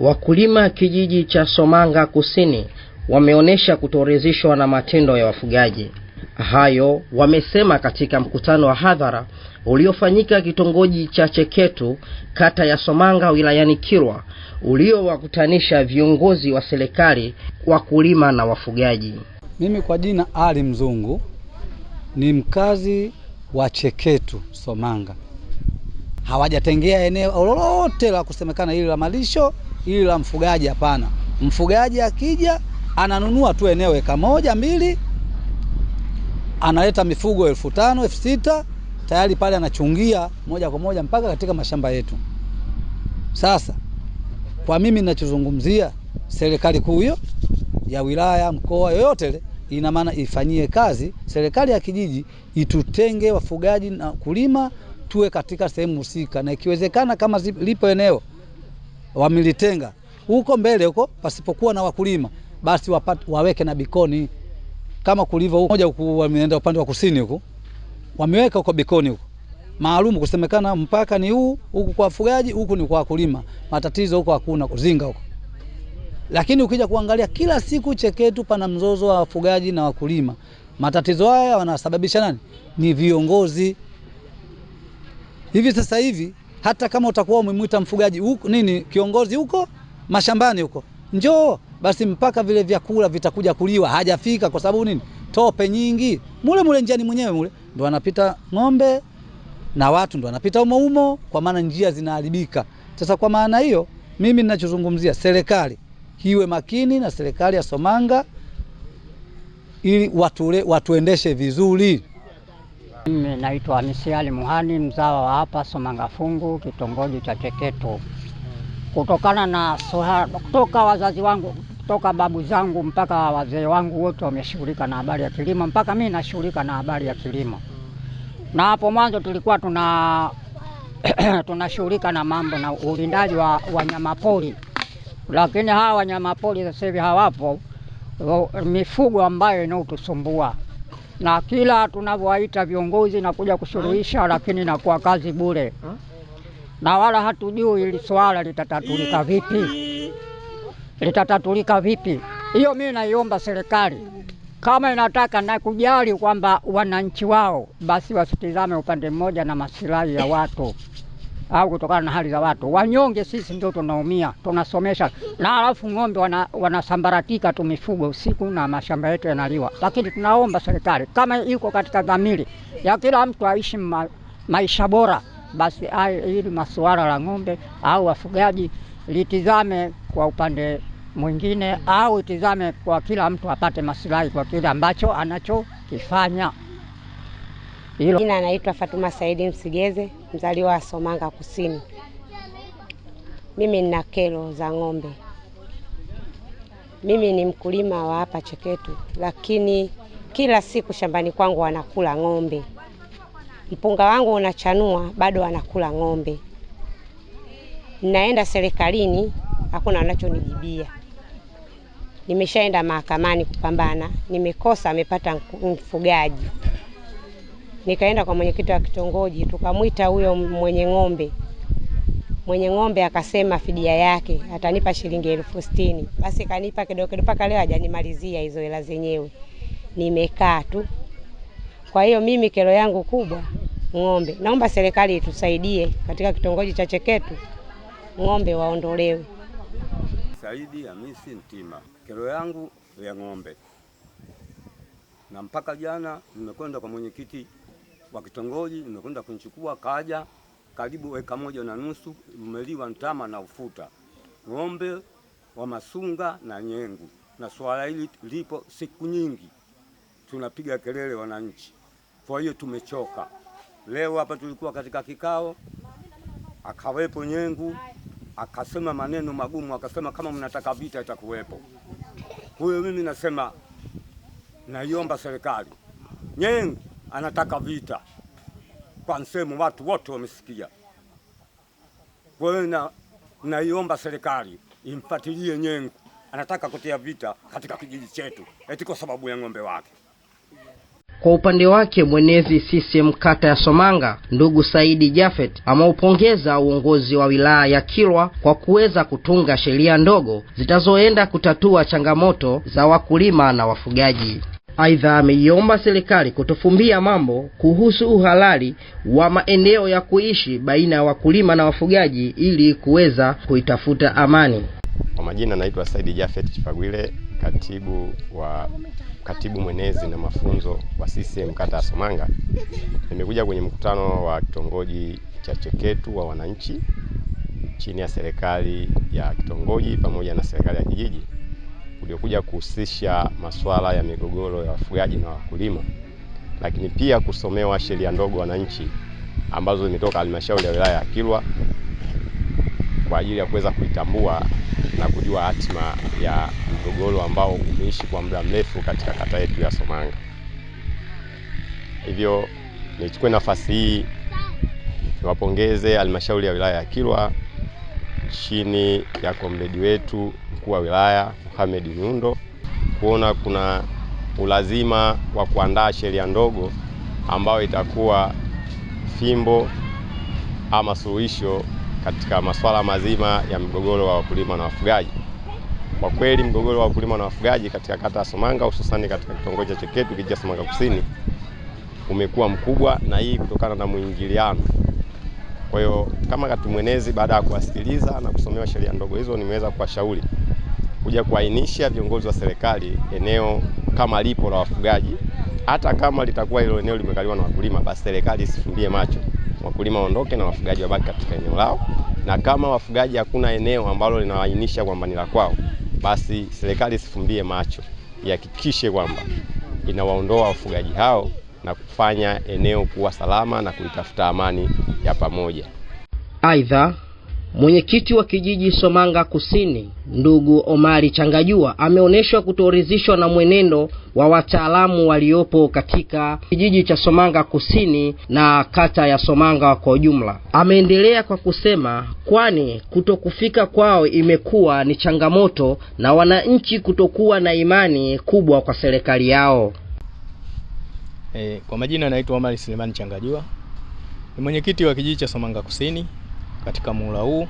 Wakulima kijiji cha Somanga Kusini wameonyesha kutoridhishwa na matendo ya wafugaji. Hayo wamesema katika mkutano wa hadhara uliofanyika kitongoji cha Cheketu, kata ya Somanga, wilayani Kilwa, uliowakutanisha viongozi wa serikali, wakulima na wafugaji. Mimi kwa jina Ali Mzungu ni mkazi wa Cheketu, Somanga. Hawajatengea eneo lolote la kusemekana hili la malisho ili la mfugaji hapana. Mfugaji akija ananunua tu eneo eka moja mbili, analeta mifugo elfu tano elfu sita tayari pale anachungia moja kwa moja mpaka katika mashamba yetu. Sasa kwa mimi ninachozungumzia, serikali kuu hiyo ya wilaya, mkoa, yoyote ile, ina maana ifanyie kazi serikali ya kijiji, itutenge wafugaji na kulima, tuwe katika sehemu husika, na ikiwezekana kama lipo eneo wamilitenga huko mbele huko, pasipokuwa na wakulima basi wapate, waweke na bikoni kama kulivyo huko. Moja huko wameenda upande wa kusini huko, wameweka huko bikoni huko maalum kusemekana mpaka ni huu huku kwa wafugaji, huku ni kwa wakulima. Matatizo huko hakuna kuzinga huko, lakini ukija kuangalia kila siku cheketu pana mzozo wa wafugaji na wakulima. Matatizo haya wanasababisha nani? Ni viongozi. Hivi sasa hivi hata kama utakuwa umemwita mfugaji huko nini, kiongozi huko mashambani huko, njoo basi, mpaka vile vyakula vitakuja kuliwa, hajafika kwa sababu nini? Tope nyingi mule mule njiani mwenyewe mule ndo anapita ng'ombe na watu ndo anapita umo umo, kwa maana njia zinaharibika. Sasa kwa maana hiyo, mimi ninachozungumzia serikali iwe makini na serikali ya Somanga ili watu, watuendeshe vizuri. Mimi naitwa Misiali Muhani, mzawa wa hapa Somangafungu, kitongoji cha Cheketo. Kutokana na soha, kutoka wazazi wangu, kutoka babu zangu mpaka wazee wangu wote wameshughulika na habari ya kilimo, mpaka mimi nashughulika na habari ya kilimo. Na hapo mwanzo tulikuwa tuna tunashughulika na mambo na ulindaji wa wanyamapori, lakini hawa wanyamapori sasa hivi hawapo, mifugo ambayo inaotusumbua na kila tunavyowaita viongozi na kuja kusuluhisha, lakini inakuwa kazi bure, na wala hatujui hili swala litatatulika vipi, litatatulika vipi. Hiyo mimi naiomba serikali kama inataka na kujali kwamba wananchi wao, basi wasitizame upande mmoja na masilahi ya watu au kutokana na hali za watu wanyonge. Sisi ndio tunaumia, tunasomesha na alafu ng'ombe wana, wanasambaratika tu mifugo usiku na mashamba yetu yanaliwa. Lakini tunaomba serikali kama iko katika dhamiri ya kila mtu aishi ma, maisha bora, basi ili masuala la ng'ombe au wafugaji litizame kwa upande mwingine, au itizame kwa kila mtu apate masilahi kwa kile ambacho anachokifanya. Hilo. Jina anaitwa Fatuma Saidi Msigeze, mzaliwa wa Somanga Kusini. Mimi nina kero za ng'ombe. Mimi ni mkulima wa hapa Cheketu, lakini kila siku shambani kwangu wanakula ng'ombe. Mpunga wangu unachanua, bado wanakula ng'ombe. Naenda serikalini, hakuna wanachonijibia. Nimeshaenda mahakamani kupambana, nimekosa, amepata mfugaji. Nikaenda kwa mwenyekiti wa kitongoji, tukamwita huyo mwenye ng'ombe. Mwenye ng'ombe akasema fidia yake atanipa shilingi elfu sitini. Basi kanipa kidogo kidogo, mpaka leo hajanimalizia hizo hela zenyewe, nimekaa tu. Kwa hiyo mimi kero yangu kubwa ng'ombe, naomba serikali itusaidie katika kitongoji cha Cheketu, ng'ombe waondolewe. Saidi Hamisi Ntima, kero yangu ya ng'ombe, na mpaka jana nimekwenda kwa mwenyekiti wa kitongoji, nimekwenda kunichukua, kaja karibu eka moja na nusu, umeliwa mtama na ufuta, ng'ombe wa masunga na nyengu, na swala hili lipo siku nyingi, tunapiga kelele wananchi. Kwa hiyo tumechoka. Leo hapa tulikuwa katika kikao, akawepo nyengu akasema maneno magumu, akasema kama mnataka vita itakuwepo. Huyo mimi nasema naiomba serikali nyengu anataka vita kwa msemo, watu wote wamesikia. Kwa hiyo na naiomba serikali imfuatilie Nyengo, anataka kutia vita katika kijiji chetu eti kwa sababu ya ng'ombe wake. Kwa upande wake mwenezi CCM kata ya Somanga ndugu Saidi Jafet ameupongeza uongozi wa wilaya ya Kilwa kwa kuweza kutunga sheria ndogo zitazoenda kutatua changamoto za wakulima na wafugaji. Aidha, ameiomba serikali kutofumbia mambo kuhusu uhalali wa maeneo ya kuishi baina ya wakulima na wafugaji ili kuweza kuitafuta amani. Kwa majina naitwa Saidi Jafet Chipagwile, katibu wa katibu mwenezi na mafunzo wa CCM kata ya Somanga. Nimekuja kwenye mkutano wa kitongoji cha Cheketu wa wananchi chini ya serikali ya kitongoji pamoja na serikali ya kijiji uliokuja kuhusisha masuala ya migogoro ya wafugaji na wakulima, lakini pia kusomewa sheria ndogo wananchi ambazo zimetoka halmashauri ya wilaya ya Kilwa kwa ajili ya kuweza kuitambua na kujua hatima ya mgogoro ambao umeishi kwa muda mrefu katika kata yetu ya Somanga. Hivyo nichukue nafasi hii niwapongeze halmashauri ya wilaya ya Kilwa chini ya komredi wetu mkuu wa wilaya Mohamed Nyundo kuona kuna ulazima wa kuandaa sheria ndogo ambayo itakuwa fimbo ama suluhisho katika masuala mazima ya mgogoro wa wakulima na wafugaji. Kwa kweli mgogoro wa wakulima na wafugaji katika kata ya Somanga hususani katika kitongoji cha Cheketu kijiji cha Somanga Kusini umekuwa mkubwa, na hii kutokana na mwingiliano kwa hiyo kama katibu mwenezi, baada ya kuwasikiliza na kusomewa sheria ndogo hizo, nimeweza kuwashauri kuja kuainisha viongozi wa serikali eneo kama lipo la wafugaji, hata kama litakuwa hilo eneo limekaliwa na wakulima, basi serikali isifumbie macho, wakulima waondoke na wafugaji wabaki katika eneo lao, na kama wafugaji hakuna eneo ambalo linawainisha kwamba ni la kwao, basi serikali isifumbie macho, ihakikishe kwamba inawaondoa wafugaji hao na kufanya eneo kuwa salama na kulitafuta amani ya pamoja. Aidha, mwenyekiti wa kijiji Somanga Kusini ndugu Omari Changajua ameonyeshwa kutoridhishwa na mwenendo wa wataalamu waliopo katika kijiji cha Somanga Kusini na kata ya Somanga kwa ujumla. Ameendelea kwa kusema kwani kutokufika kwao imekuwa ni changamoto na wananchi kutokuwa na imani kubwa kwa serikali yao. E, kwa majina naitwa Omari Selemani Changajua ni mwenyekiti wa kijiji cha Somanga Kusini katika muhula huu.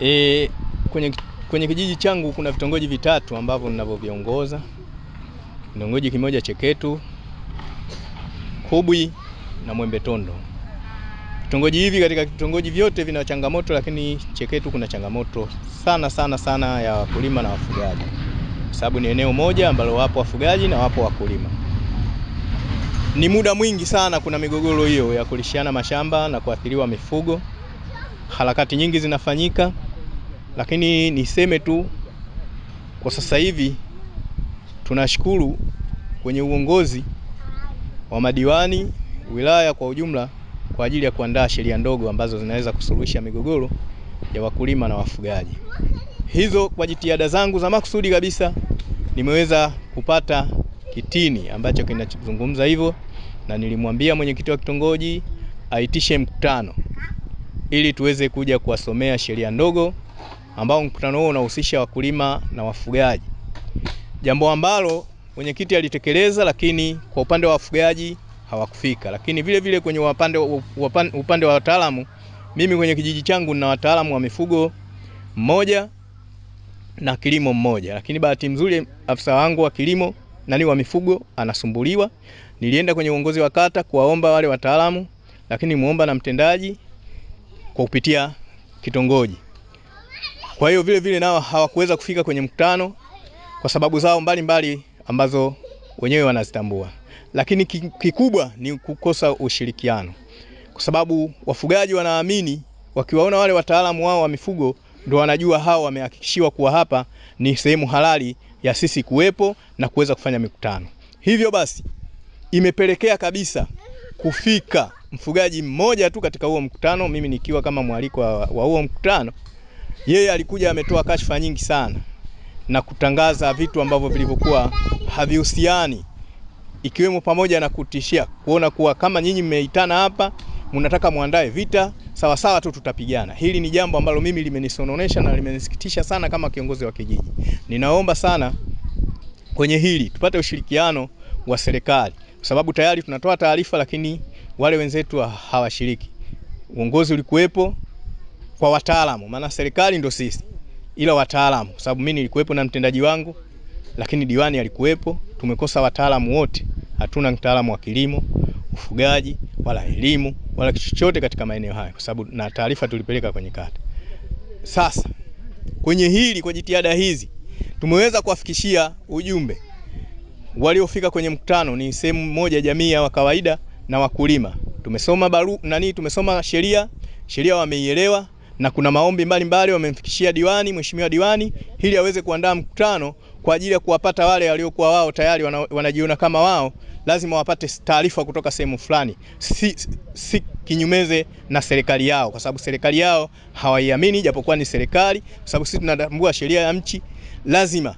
E, kwenye, kwenye kijiji changu kuna vitongoji vitatu ambavyo ninavyoviongoza. Kitongoji kimoja Cheketu, Kubwi na Tondo. Vitongoji hivi katika vitongoji vyote vina changamoto, lakini Cheketu kuna changamoto sana sana sana ya wakulima na wafugaji, sababu ni eneo moja ambalo wapo wafugaji na wapo wakulima ni muda mwingi sana kuna migogoro hiyo ya kulishiana mashamba na kuathiriwa mifugo. Harakati nyingi zinafanyika, lakini niseme tu kwa sasa hivi tunashukuru kwenye uongozi wa madiwani wilaya kwa ujumla kwa ajili ya kuandaa sheria ndogo ambazo zinaweza kusuluhisha migogoro ya wakulima na wafugaji. Hizo kwa jitihada zangu za makusudi kabisa nimeweza kupata kitini ambacho kinazungumza hivyo, na nilimwambia mwenyekiti wa kitongoji aitishe mkutano ili tuweze kuja kuwasomea sheria ndogo, ambao mkutano huo unahusisha wakulima na wafugaji, jambo ambalo mwenyekiti alitekeleza, lakini kwa upande wa wafugaji hawakufika. Lakini vile vile kwenye upande, upande, upande wa wataalamu, mimi kwenye kijiji changu nina wataalamu wa mifugo mmoja na kilimo mmoja, lakini bahati nzuri afisa wangu wa kilimo nani wa mifugo anasumbuliwa. Nilienda kwenye uongozi wa kata kuwaomba wale wataalamu, lakini muomba na mtendaji kwa kupitia kitongoji. Kwa hiyo vile vile nao hawakuweza kufika kwenye mkutano kwa sababu zao mbalimbali mbali ambazo wenyewe wanazitambua, lakini kikubwa ni kukosa ushirikiano, kwa sababu wafugaji wanaamini wakiwaona wale wataalamu wao wa mifugo ndio wanajua hao wamehakikishiwa kuwa hapa ni sehemu halali ya sisi kuwepo na kuweza kufanya mikutano. Hivyo basi imepelekea kabisa kufika mfugaji mmoja tu katika huo mkutano, mimi nikiwa kama mwaliko wa, wa huo mkutano. Yeye alikuja ametoa kashfa nyingi sana na kutangaza vitu ambavyo vilivyokuwa havihusiani, ikiwemo pamoja na kutishia kuona kuwa kama nyinyi mmeitana hapa mnataka muandae vita sawasawa tu tutapigana. Hili ni jambo ambalo mimi limenisononesha na limenisikitisha sana kama kiongozi wa kijiji. Ninaomba sana kwenye hili tupate ushirikiano wa serikali, kwa sababu tayari tunatoa taarifa, lakini wale wenzetu hawashiriki. Uongozi ulikuwepo kwa wataalamu, maana serikali ndio sisi, ila wataalamu, kwa sababu mimi nilikuwepo na mtendaji wangu, lakini diwani alikuwepo. Tumekosa wataalamu wote hatuna mtaalamu wa kilimo, ufugaji, wala elimu wala kitu chochote katika maeneo hayo, kwa sababu na taarifa tulipeleka kwenye kata. Sasa kwenye hili, kwa jitihada hizi tumeweza kuwafikishia ujumbe waliofika kwenye mkutano ni sehemu moja, jamii ya kawaida na wakulima. Tumesoma baru, nani, tumesoma sheria, sheria wameielewa, na kuna maombi mbalimbali wamemfikishia diwani, mheshimiwa diwani, ili aweze kuandaa mkutano kwa ajili ya kuwapata wale waliokuwa wao tayari wana, wanajiona kama wao, lazima wapate taarifa kutoka sehemu fulani, si, si kinyumeze na serikali yao, kwa sababu serikali yao hawaiamini, japokuwa ni serikali, kwa sababu sisi tunatambua sheria ya nchi. Lazima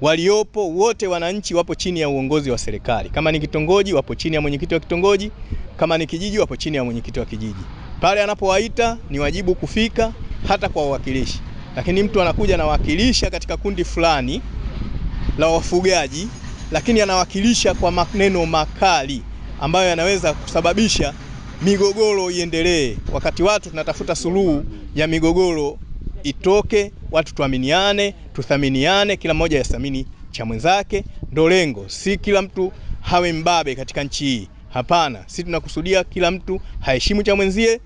waliopo wote wananchi wapo chini ya uongozi wa serikali. Kama ni kitongoji, wapo chini ya mwenyekiti wa kitongoji. Kama ni kijiji, wapo chini ya mwenyekiti wa kijiji. Pale anapowaita ni wajibu kufika, hata kwa wawakilishi lakini mtu anakuja anawakilisha katika kundi fulani la wafugaji, lakini anawakilisha kwa maneno makali ambayo yanaweza kusababisha migogoro iendelee, wakati watu tunatafuta suluhu ya migogoro itoke, watu tuaminiane, tuthaminiane, kila mmoja yathamini cha mwenzake. Ndo lengo, si kila mtu hawe mbabe katika nchi hii. Hapana, si tunakusudia kila mtu haheshimu cha mwenzie,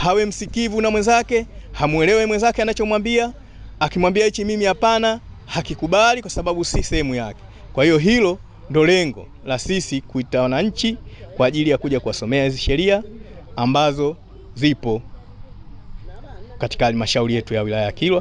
hawe msikivu na mwenzake, hamuelewe mwenzake anachomwambia, akimwambia hichi mimi hapana, hakikubali kwa sababu si sehemu yake. Kwa hiyo hilo ndo lengo la sisi kuita wananchi kwa ajili ya kuja kuwasomea hizi sheria ambazo zipo katika halmashauri yetu ya wilaya ya Kilwa.